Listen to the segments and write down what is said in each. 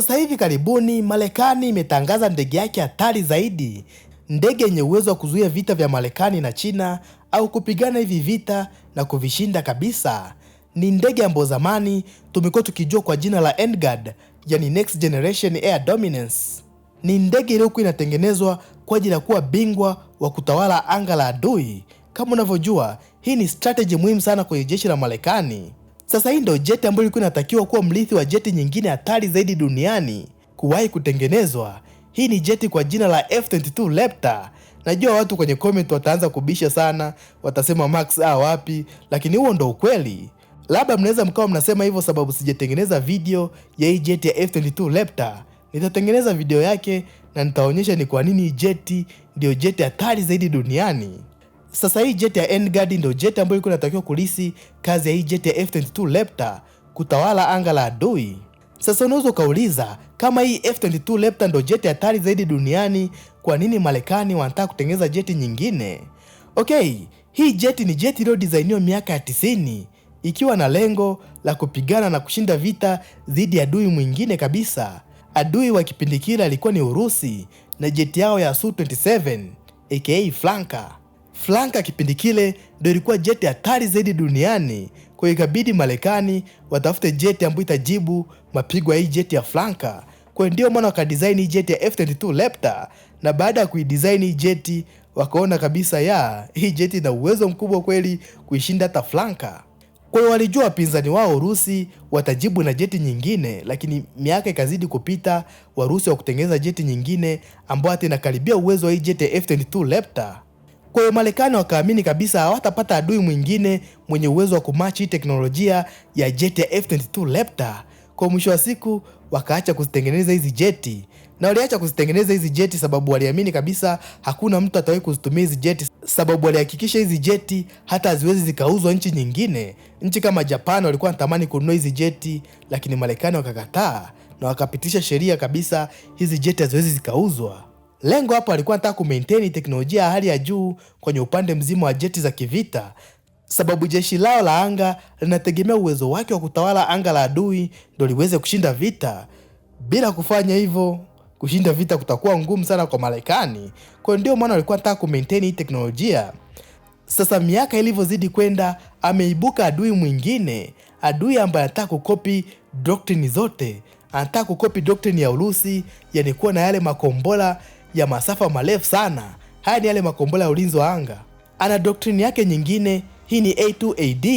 Sasa hivi karibuni, Marekani imetangaza ndege yake hatari zaidi, ndege yenye uwezo wa kuzuia vita vya Marekani na China au kupigana hivi vita na kuvishinda kabisa. Ni ndege ambayo zamani tumekuwa tukijua kwa jina la NGAD, yani Next Generation Air Dominance. Ni ndege iliyokuwa inatengenezwa kwa ajili ya kuwa bingwa wa kutawala anga la adui. Kama unavyojua, hii ni strategy muhimu sana kwenye jeshi la Marekani. Sasa hii ndio jeti ambayo ilikuwa inatakiwa kuwa mrithi wa jeti nyingine hatari zaidi duniani kuwahi kutengenezwa. Hii ni jeti kwa jina la F22 Raptor. Najua watu kwenye comment wataanza kubisha sana, watasema Max a ah, wapi, lakini huo ndo ukweli. Labda mnaweza mkawa mnasema hivyo sababu sijatengeneza video ya hii jeti ya F22 Raptor. Nitatengeneza video yake na nitaonyesha ni kwa nini jeti ndiyo jeti hatari zaidi duniani. Sasa hii jet ya Vanguard ndio jet ambayo ilikuwa inatakiwa kulisi kazi ya hii jet ya F22 Raptor kutawala anga la adui. Sasa unaweza ukauliza kama hii F22 Raptor ndio jet hatari zaidi duniani, kwa nini Marekani wanataka kutengeneza jeti nyingine? Okay, hii jeti ni jeti iliyodizainiwa miaka ya 90 ikiwa na lengo la kupigana na kushinda vita dhidi ya adui mwingine kabisa. Adui wa kipindi kile alikuwa ni Urusi na jeti yao ya Su-27 aka Flanker. Franka kipindi kile ndio ilikuwa jeti hatari zaidi duniani, kwa hiyo ikabidi Marekani watafute jeti ambayo itajibu mapigo ya hii jeti ya Franka. Kwa hiyo ndio maana hii jeti ya F22 Raptor, na baada ya kuidesign hii jeti wakaona kabisa ya hii jeti ina uwezo mkubwa kweli kuishinda hata Franka. Kwa hiyo walijua wapinzani wao Urusi watajibu na jeti nyingine, lakini miaka ikazidi kupita, Warusi wa kutengeneza jeti nyingine ambayo hata inakaribia uwezo wa hii jeti ya F22 Raptor. Kwa hiyo Marekani wakaamini kabisa hawatapata adui mwingine mwenye uwezo wa kumachi teknolojia ya jeti ya F22 Raptor. Kwa mwisho wa siku wakaacha kuzitengeneza hizi jeti na waliacha kuzitengeneza hizi jeti sababu waliamini kabisa hakuna mtu atawahi kuzitumia hizi jeti, sababu walihakikisha hizi jeti hata haziwezi zikauzwa nchi nyingine. Nchi kama Japan walikuwa wanatamani kununua hizi jeti, lakini Marekani wakakataa na wakapitisha sheria kabisa, hizi jeti haziwezi zikauzwa. Lengo hapo alikuwa anataka kumaintain teknolojia ya hali ya juu kwenye upande mzima wa jeti za kivita, sababu jeshi lao la anga linategemea uwezo wake wa kutawala anga la adui ndio liweze kushinda vita. Bila kufanya hivyo, kushinda vita kutakuwa ngumu sana kwa Marekani. Kwa ndio maana alikuwa anataka kumaintain teknolojia. Sasa miaka ilivyozidi kwenda, ameibuka adui mwingine, adui ambaye anataka kukopi doctrine zote, anataka kukopi doctrine ya Urusi, yani kuwa na yale makombora ya masafa marefu sana. Haya ni yale makombora ya ulinzi wa anga. Ana doktrini yake nyingine, hii ni A2AD.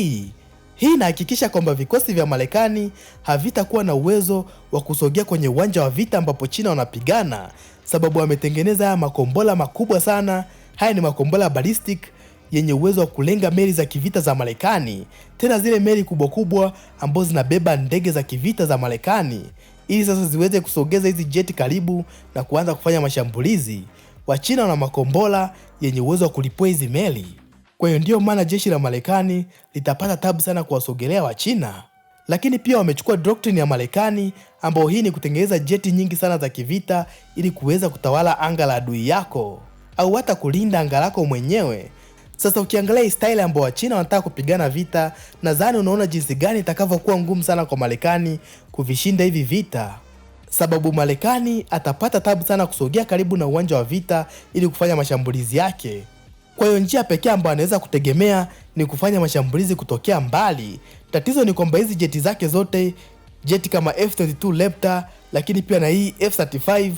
Hii inahakikisha kwamba vikosi vya Marekani havitakuwa na uwezo wa kusogea kwenye uwanja wa vita ambapo China wanapigana, sababu ametengeneza haya makombora makubwa sana. Haya ni makombora ballistic yenye uwezo wa kulenga meli za kivita za Marekani, tena zile meli kubwa kubwa ambazo zinabeba ndege za kivita za Marekani ili sasa ziweze kusogeza hizi jeti karibu na kuanza kufanya mashambulizi. Wachina wana makombora yenye uwezo wa kulipua hizi meli, kwa hiyo ndiyo maana jeshi la Marekani litapata tabu sana kuwasogelea Wachina. Lakini pia wamechukua doktrini ya Marekani ambayo hii ni kutengeneza jeti nyingi sana za kivita ili kuweza kutawala anga la adui yako au hata kulinda anga lako mwenyewe sasa ukiangalia style ambayo Wachina wanataka kupigana vita, nadhani unaona jinsi gani itakavyokuwa ngumu sana kwa Marekani kuvishinda hivi vita, sababu Marekani atapata tabu sana kusogea karibu na uwanja wa vita ili kufanya mashambulizi yake. Kwa hiyo njia pekee ambayo anaweza kutegemea ni kufanya mashambulizi kutokea mbali. Tatizo ni kwamba hizi jeti zake zote, jeti kama F22 Raptor, lakini pia na hii F35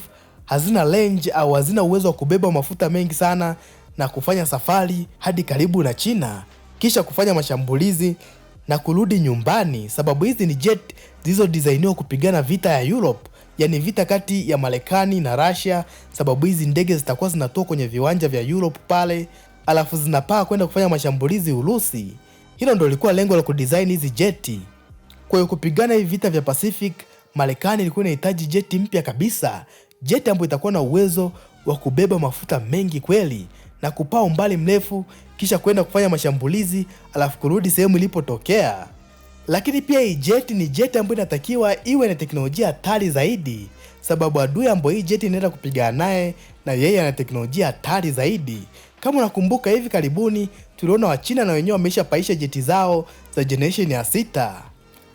hazina range au hazina uwezo wa kubeba mafuta mengi sana na kufanya safari hadi karibu na China kisha kufanya mashambulizi na kurudi nyumbani. Sababu hizi ni jet zilizodesainiwa kupigana vita ya Europe, yani vita kati ya Marekani na Russia. Sababu hizi ndege zitakuwa zinatoka kwenye viwanja vya Europe pale, alafu zinapaa kwenda kufanya mashambulizi Urusi. Hilo ndio lilikuwa lengo la kudesign hizi jeti. Kwa hiyo kupigana hivi vita vya Pacific, Marekani ilikuwa inahitaji jeti mpya kabisa, jeti ambayo itakuwa na uwezo wa kubeba mafuta mengi kweli na kupaa umbali mrefu kisha kwenda kufanya mashambulizi alafu kurudi sehemu ilipotokea. Lakini pia hii jet ni jet ambayo inatakiwa iwe na teknolojia hatari zaidi, sababu adui ambayo hii jet inaenda kupigana naye na yeye ana teknolojia hatari zaidi. Kama unakumbuka, hivi karibuni tuliona Wachina na wenyewe paisha jeti zao za generation ya sita.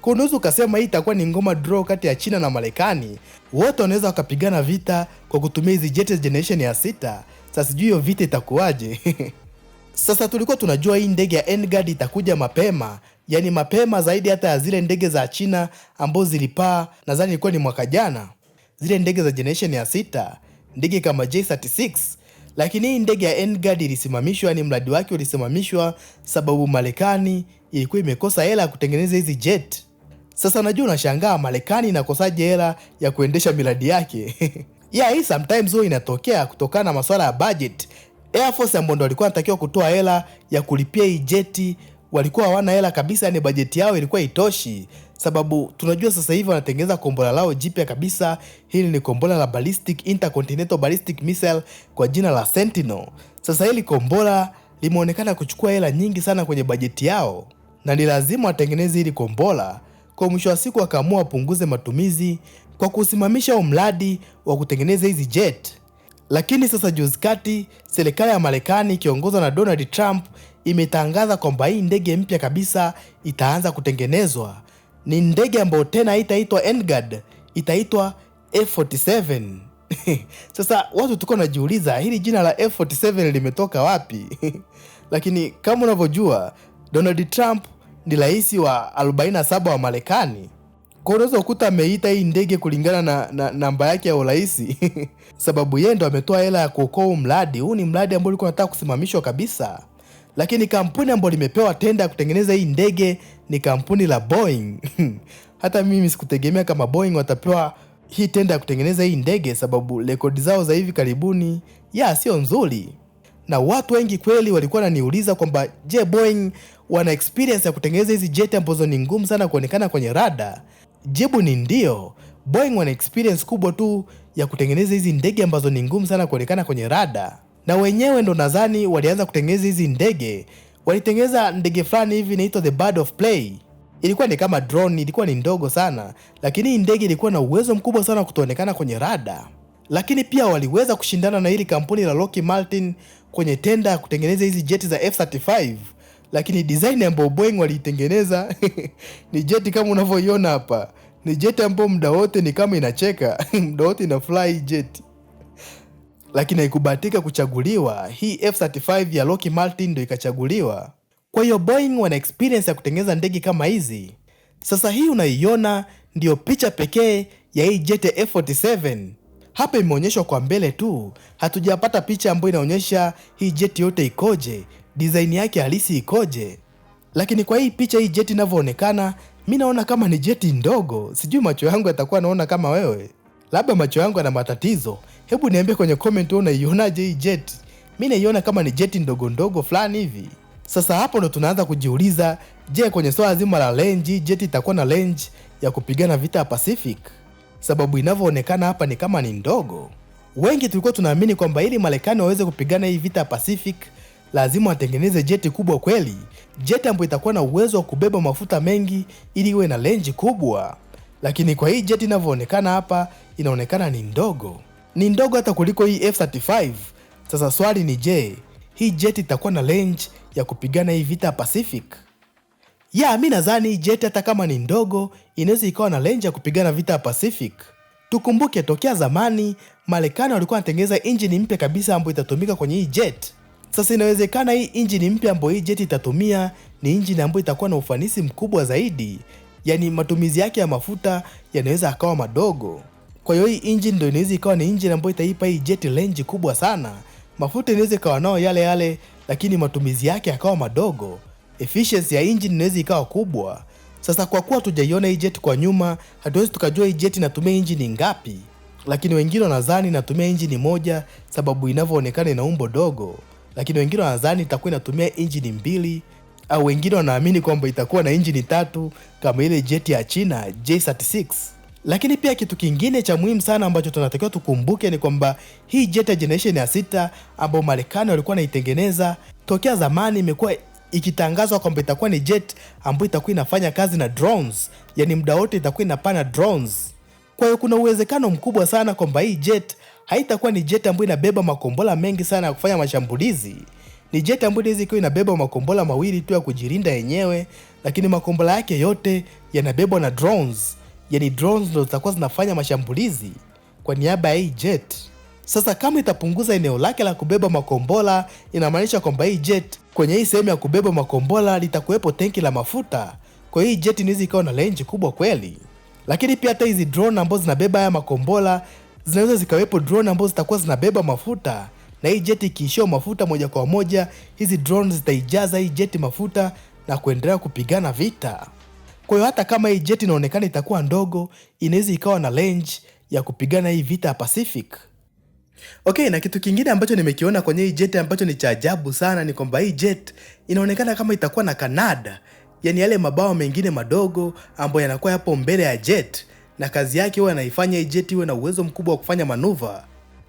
Kwa unaweza ukasema hii itakuwa ni ngoma draw kati ya China na Marekani, wote wanaweza wakapigana vita kwa kutumia hizi jeti za generation ya sita. Sasa sijui hiyo vita itakuwaje? Sasa tulikuwa tunajua hii ndege ya Vanguard itakuja mapema, yani mapema zaidi hata ya zile ndege za China ambazo zilipaa, nadhani ilikuwa ni mwaka jana, zile ndege za generation ya sita, ndege kama J36. Lakini hii ndege ya Vanguard ilisimamishwa, ni yaani mradi wake ulisimamishwa sababu Marekani ilikuwa imekosa hela ya kutengeneza hizi jet. Sasa najua unashangaa Marekani inakosaje hela ya kuendesha miradi yake yeah, hii sometimes huwa inatokea kutokana na masuala ya budget. Air Force ambao ndo walikuwa wanatakiwa kutoa hela ya kulipia hii jeti, walikuwa hawana hela kabisa, yani bajeti yao ilikuwa itoshi, sababu tunajua sasa hivi wanatengeneza kombora lao jipya kabisa. Hili ni kombora la ballistic intercontinental ballistic missile kwa jina la Sentinel. Sasa hili kombora limeonekana kuchukua hela nyingi sana kwenye bajeti yao, na ni lazima watengeneze hili kombora. Kwa mwisho wa siku, wakaamua wapunguze matumizi kwa kusimamisha huu mradi wa kutengeneza hizi jet. Lakini sasa juzi kati, serikali ya Marekani ikiongozwa na Donald Trump imetangaza kwamba hii ndege mpya kabisa itaanza kutengenezwa. Ni ndege ambayo tena itaitwa NGAD, itaitwa F47. Sasa watu tuko najiuliza hili jina la F47 limetoka wapi? Lakini kama unavyojua Donald Trump ni rais wa 47 wa Marekani. Kwa unaweza ameita hii ndege kulingana na, na namba yake ya urahisi sababu yeye ndo ametoa hela ya kuokoa mradi huu. Ni mradi ambao ulikuwa unataka kusimamishwa kabisa, lakini kampuni ambayo limepewa tenda ya kutengeneza hii ndege ni kampuni la Boeing hata mimi sikutegemea kama Boeing watapewa hii tenda ya kutengeneza hii ndege, sababu rekodi zao za hivi karibuni ya sio nzuri, na watu wengi kweli walikuwa wananiuliza kwamba je, Boeing wana experience ya kutengeneza hizi jeti ambazo ni ngumu sana kuonekana kwenye rada Jibu ni ndio. Boeing wana experience kubwa tu ya kutengeneza hizi ndege ambazo ni ngumu sana kuonekana kwenye rada, na wenyewe ndo nadhani walianza kutengeneza hizi ndege. Walitengeneza ndege fulani hivi inaitwa the bird of play, ilikuwa ni kama drone, ilikuwa ni ndogo sana, lakini hii ndege ilikuwa na uwezo mkubwa sana wa kutoonekana kwenye rada. Lakini pia waliweza kushindana na hili kampuni la Lockheed Martin kwenye tenda ya kutengeneza hizi jeti za F35 lakini design ambayo Boeing waliitengeneza ni jeti kama unavyoiona hapa. Ni jeti ambayo muda wote ni kama inacheka muda wote ina fly jeti, lakini haikubahatika kuchaguliwa. Hii F35 ya Lockheed Martin ndio ikachaguliwa. Kwa hiyo Boeing wana experience ya kutengeneza ndege kama hizi. Sasa hii unaiona ndiyo picha pekee ya hii jet ya F47 hapa imeonyeshwa kwa mbele tu, hatujapata picha ambayo inaonyesha hii jeti yote ikoje design yake halisi ikoje. Lakini kwa hii picha hii jeti inavyoonekana, mi naona kama ni jeti ndogo. Sijui macho yangu yatakuwa naona kama wewe, labda macho yangu yana matatizo. Hebu niambie kwenye comment, wewe unaionaje hii jeti? Mi naiona kama ni jeti ndogo ndogo fulani hivi. Sasa hapo ndo tunaanza kujiuliza, je, kwenye swala zima la range, jeti itakuwa na range ya kupigana vita ya Pacific? Sababu inavyoonekana hapa ni kama ni ndogo. Wengi tulikuwa tunaamini kwamba ili Marekani waweze kupigana hii vita ya Pacific lazima watengeneze jeti kubwa kweli, jeti ambayo itakuwa na uwezo wa kubeba mafuta mengi ili iwe na lenji kubwa. Lakini kwa hii jeti inavyoonekana hapa, inaonekana ni ndogo, ni ndogo hata kuliko hii F35. Sasa swali ni je, hii jeti itakuwa na range ya kupigana hii vita Pacific? Ya, mi nadhani jeti hata kama ni ndogo inaweza ikawa na range ya kupigana vita ya Pacific. Tukumbuke tokea zamani Marekani walikuwa wanatengeneza injini mpya kabisa ambayo itatumika kwenye hii jeti. Sasa inawezekana hii injini mpya ambayo hii jeti itatumia ni injini ambayo itakuwa na ufanisi mkubwa zaidi, yaani matumizi yake ya mafuta yanaweza akawa madogo. Kwa hiyo hii injini ndio inaweza ikawa ni injini ambayo itaipa hii jeti range kubwa sana. Mafuta inaweza ikawa nao yale yale, lakini matumizi yake akawa madogo. Efficiency ya injini inaweza ikawa kubwa. Sasa kwa kuwa tujaiona hii jeti kwa nyuma, hatuwezi tukajua hii jeti inatumia injini ngapi, lakini wengine wanadhani inatumia injini moja, sababu inavyoonekana ina umbo dogo lakini wengine wanadhani itakuwa inatumia injini mbili au wengine wanaamini kwamba itakuwa na injini tatu kama ile jeti ya China J36. Lakini pia kitu kingine cha muhimu sana ambacho tunatakiwa tukumbuke ni kwamba hii jeti ya generation ya sita ambayo Marekani walikuwa wanaitengeneza tokea zamani imekuwa ikitangazwa kwamba itakuwa ni jet ambayo itakuwa inafanya kazi na drones, yani muda wote itakuwa inapaa na drones. Kwa hiyo kuna uwezekano mkubwa sana kwamba hii jet haitakuwa ni jeti ambayo inabeba makombola mengi sana ya kufanya mashambulizi. Ni jeti ambayo inaweza ikiwa inabeba makombola mawili tu ya kujilinda yenyewe, lakini makombola yake yote yanabebwa na drones. Yani drones ndo zitakuwa zinafanya mashambulizi kwa niaba ya hii jet. Sasa kama itapunguza eneo lake la kubeba makombola, inamaanisha kwamba hii jet kwenye hii sehemu ya kubeba makombola litakuwepo tenki la mafuta. Kwa hii jet inaweza ikawa na range kubwa kweli, lakini pia hata hizi drone ambazo zinabeba haya makombola zinaweza zikawepo drone ambazo zitakuwa zinabeba mafuta na hii jeti ikiishiwa mafuta moja kwa moja, hizi drone zitaijaza hii jeti mafuta na kuendelea kupigana vita. Kwa hiyo hata kama hii jeti inaonekana itakuwa ndogo, inaweza ikawa na range ya kupigana hii vita ya Pacific. Okay, na kitu kingine ambacho nimekiona kwenye hii jet ambacho ni cha ajabu sana ni kwamba hii jet inaonekana kama itakuwa na kanada, yani yale mabawa mengine madogo ambayo yanakuwa yapo mbele ya jet na kazi yake huwa anaifanya hii jeti iwe na uwezo mkubwa wa kufanya manuva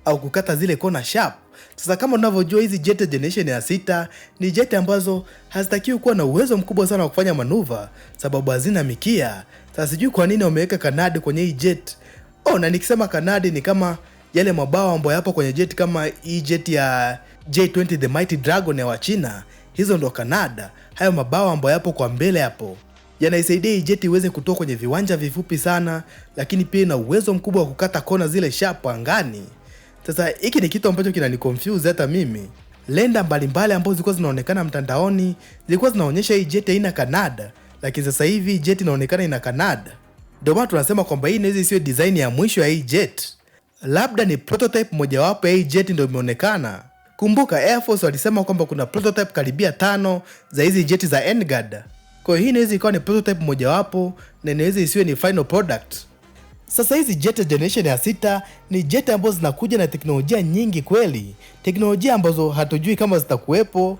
au kukata zile kona sharp. Sasa kama unavyojua hizi jet generation ya sita ni jet ambazo hazitakiwi kuwa na uwezo mkubwa sana wa kufanya manuva sababu hazina mikia. Sasa sijui kwa nini wameweka kanadi kwenye hii jet. Oh, na nikisema kanadi ni kama yale mabao ambayo yapo kwenye jet kama hii jet ya J20 The Mighty Dragon ya Wachina, hizo ndo kanada, hayo mabao ambayo yapo kwa mbele hapo yanaisaidia ijeti iweze kutoka kwenye viwanja vifupi sana, lakini pia ina uwezo mkubwa wa kukata kona zile sharp angani. Sasa hiki ni kitu ambacho kinaniconfuse hata mimi. Lenda mbalimbali ambazo zilikuwa zinaonekana mtandaoni zilikuwa zinaonyesha hii jeti haina kanada, lakini sasa hivi jeti inaonekana ina kanada. Ndio maana tunasema kwamba hii inaweza isiyo design ya mwisho ya hii jet, labda ni prototype mojawapo ya hii jet ndio imeonekana. Kumbuka Air Force walisema kwamba kuna prototype karibia tano za hizi jeti za Vanguard. Kwa hii inaweza ikawa ni prototype mojawapo na inaweza isiwe ni final product. Sasa hizi jet generation ya sita ni jet ambazo zinakuja na teknolojia nyingi kweli, teknolojia ambazo hatujui kama zitakuwepo,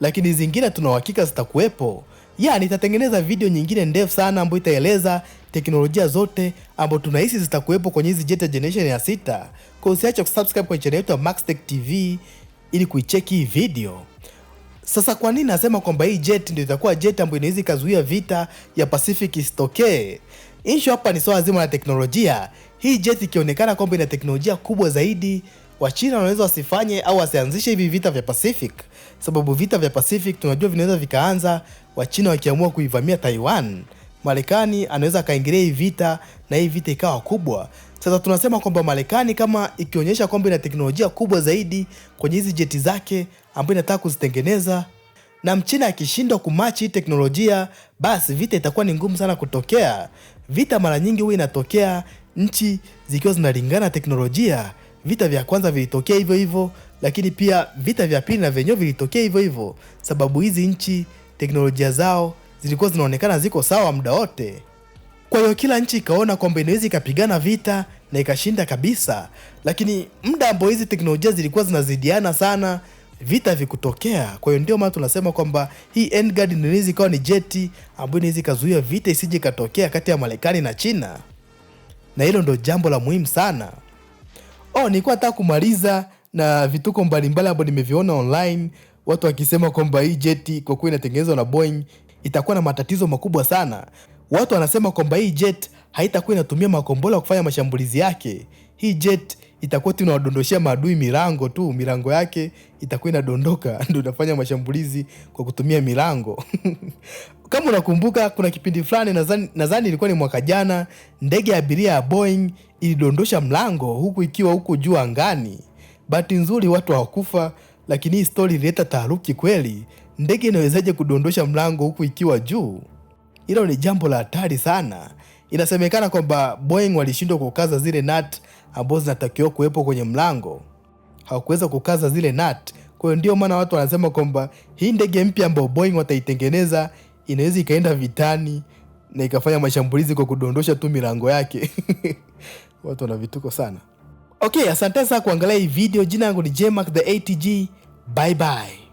lakini zingine tuna zitakuwepo. Ya, nitatengeneza video nyingine ndefu sana ambayo itaeleza teknolojia zote ambazo tunahisi zitakuwepo kwenye hizi jet generation ya sita. Kwa usiache kusubscribe kwenye channel yetu ya Maxtech TV ili kuicheki hii video. Sasa kwa nini nasema kwamba hii jet ndio itakuwa jet ambayo inaweza ikazuia vita ya Pacific isitokee? Issue hapa ni swala zima la teknolojia. Hii jet ikionekana kwamba ina teknolojia kubwa zaidi, Wachina wanaweza wasifanye au wasianzishe hivi vita vya Pacific, sababu vita vya Pacific tunajua vinaweza vikaanza Wachina wakiamua kuivamia Taiwan. Marekani anaweza akaingilia hii vita na hii vita ikawa kubwa. Sasa tunasema kwamba Marekani kama ikionyesha kwamba ina teknolojia kubwa zaidi kwenye hizi jeti zake ambayo inataka kuzitengeneza, na Mchina akishindwa kumachi hii teknolojia, basi vita itakuwa ni ngumu sana kutokea. Vita mara nyingi huwa inatokea nchi zikiwa zinalingana teknolojia. Vita vya kwanza vilitokea hivyo hivyo, lakini pia vita vya pili na vyenyewe vilitokea hivyo hivyo, sababu hizi nchi teknolojia zao zilikuwa zinaonekana ziko sawa muda wote. Kwa hiyo kila nchi ikaona kwamba inaweza ikapigana vita na ikashinda kabisa, lakini muda ambao hizi teknolojia zilikuwa zinazidiana sana vita vikutokea. Kwa hiyo ndio maana tunasema kwamba hii handguard inaweza ikawa ni jeti ambayo inaweza ikazuia vita isije ikatokea kati ya Marekani na China, na hilo ndio jambo la muhimu sana. Oh, nilikuwa nataka kumaliza na vituko mbalimbali ambavyo nimeviona online, watu wakisema kwamba hii jeti kwa kuwa inatengenezwa na Boeing itakuwa na matatizo makubwa sana. Watu wanasema kwamba hii jet haitakuwa inatumia makombora kufanya mashambulizi yake. Hii jet itakuwa tu inawadondoshea maadui milango tu, milango yake itakuwa inadondoka, ndo inafanya mashambulizi kwa kutumia milango kama unakumbuka, kuna kipindi fulani nadhani nadhani ilikuwa ni mwaka jana, ndege ya abiria ya Boeing ilidondosha mlango huku ikiwa huko juu angani. Bahati nzuri watu hawakufa, lakini hii stori ilileta taharuki kweli. Ndege inawezaje kudondosha mlango huku ikiwa juu? Hilo ni jambo la hatari sana. Inasemekana kwamba Boeing walishindwa kukaza zile nati ambazo zinatakiwa kuwepo kwenye mlango hawakuweza kukaza zile nut. Kwa hiyo ndio maana watu wanasema kwamba hii ndege mpya ambayo Boeing wataitengeneza inaweza ikaenda vitani na ikafanya mashambulizi kwa kudondosha tu milango yake. Watu wana vituko sana. Okay, asante sana kuangalia hii video. Jina langu ni JMark the ATG. Bye bye.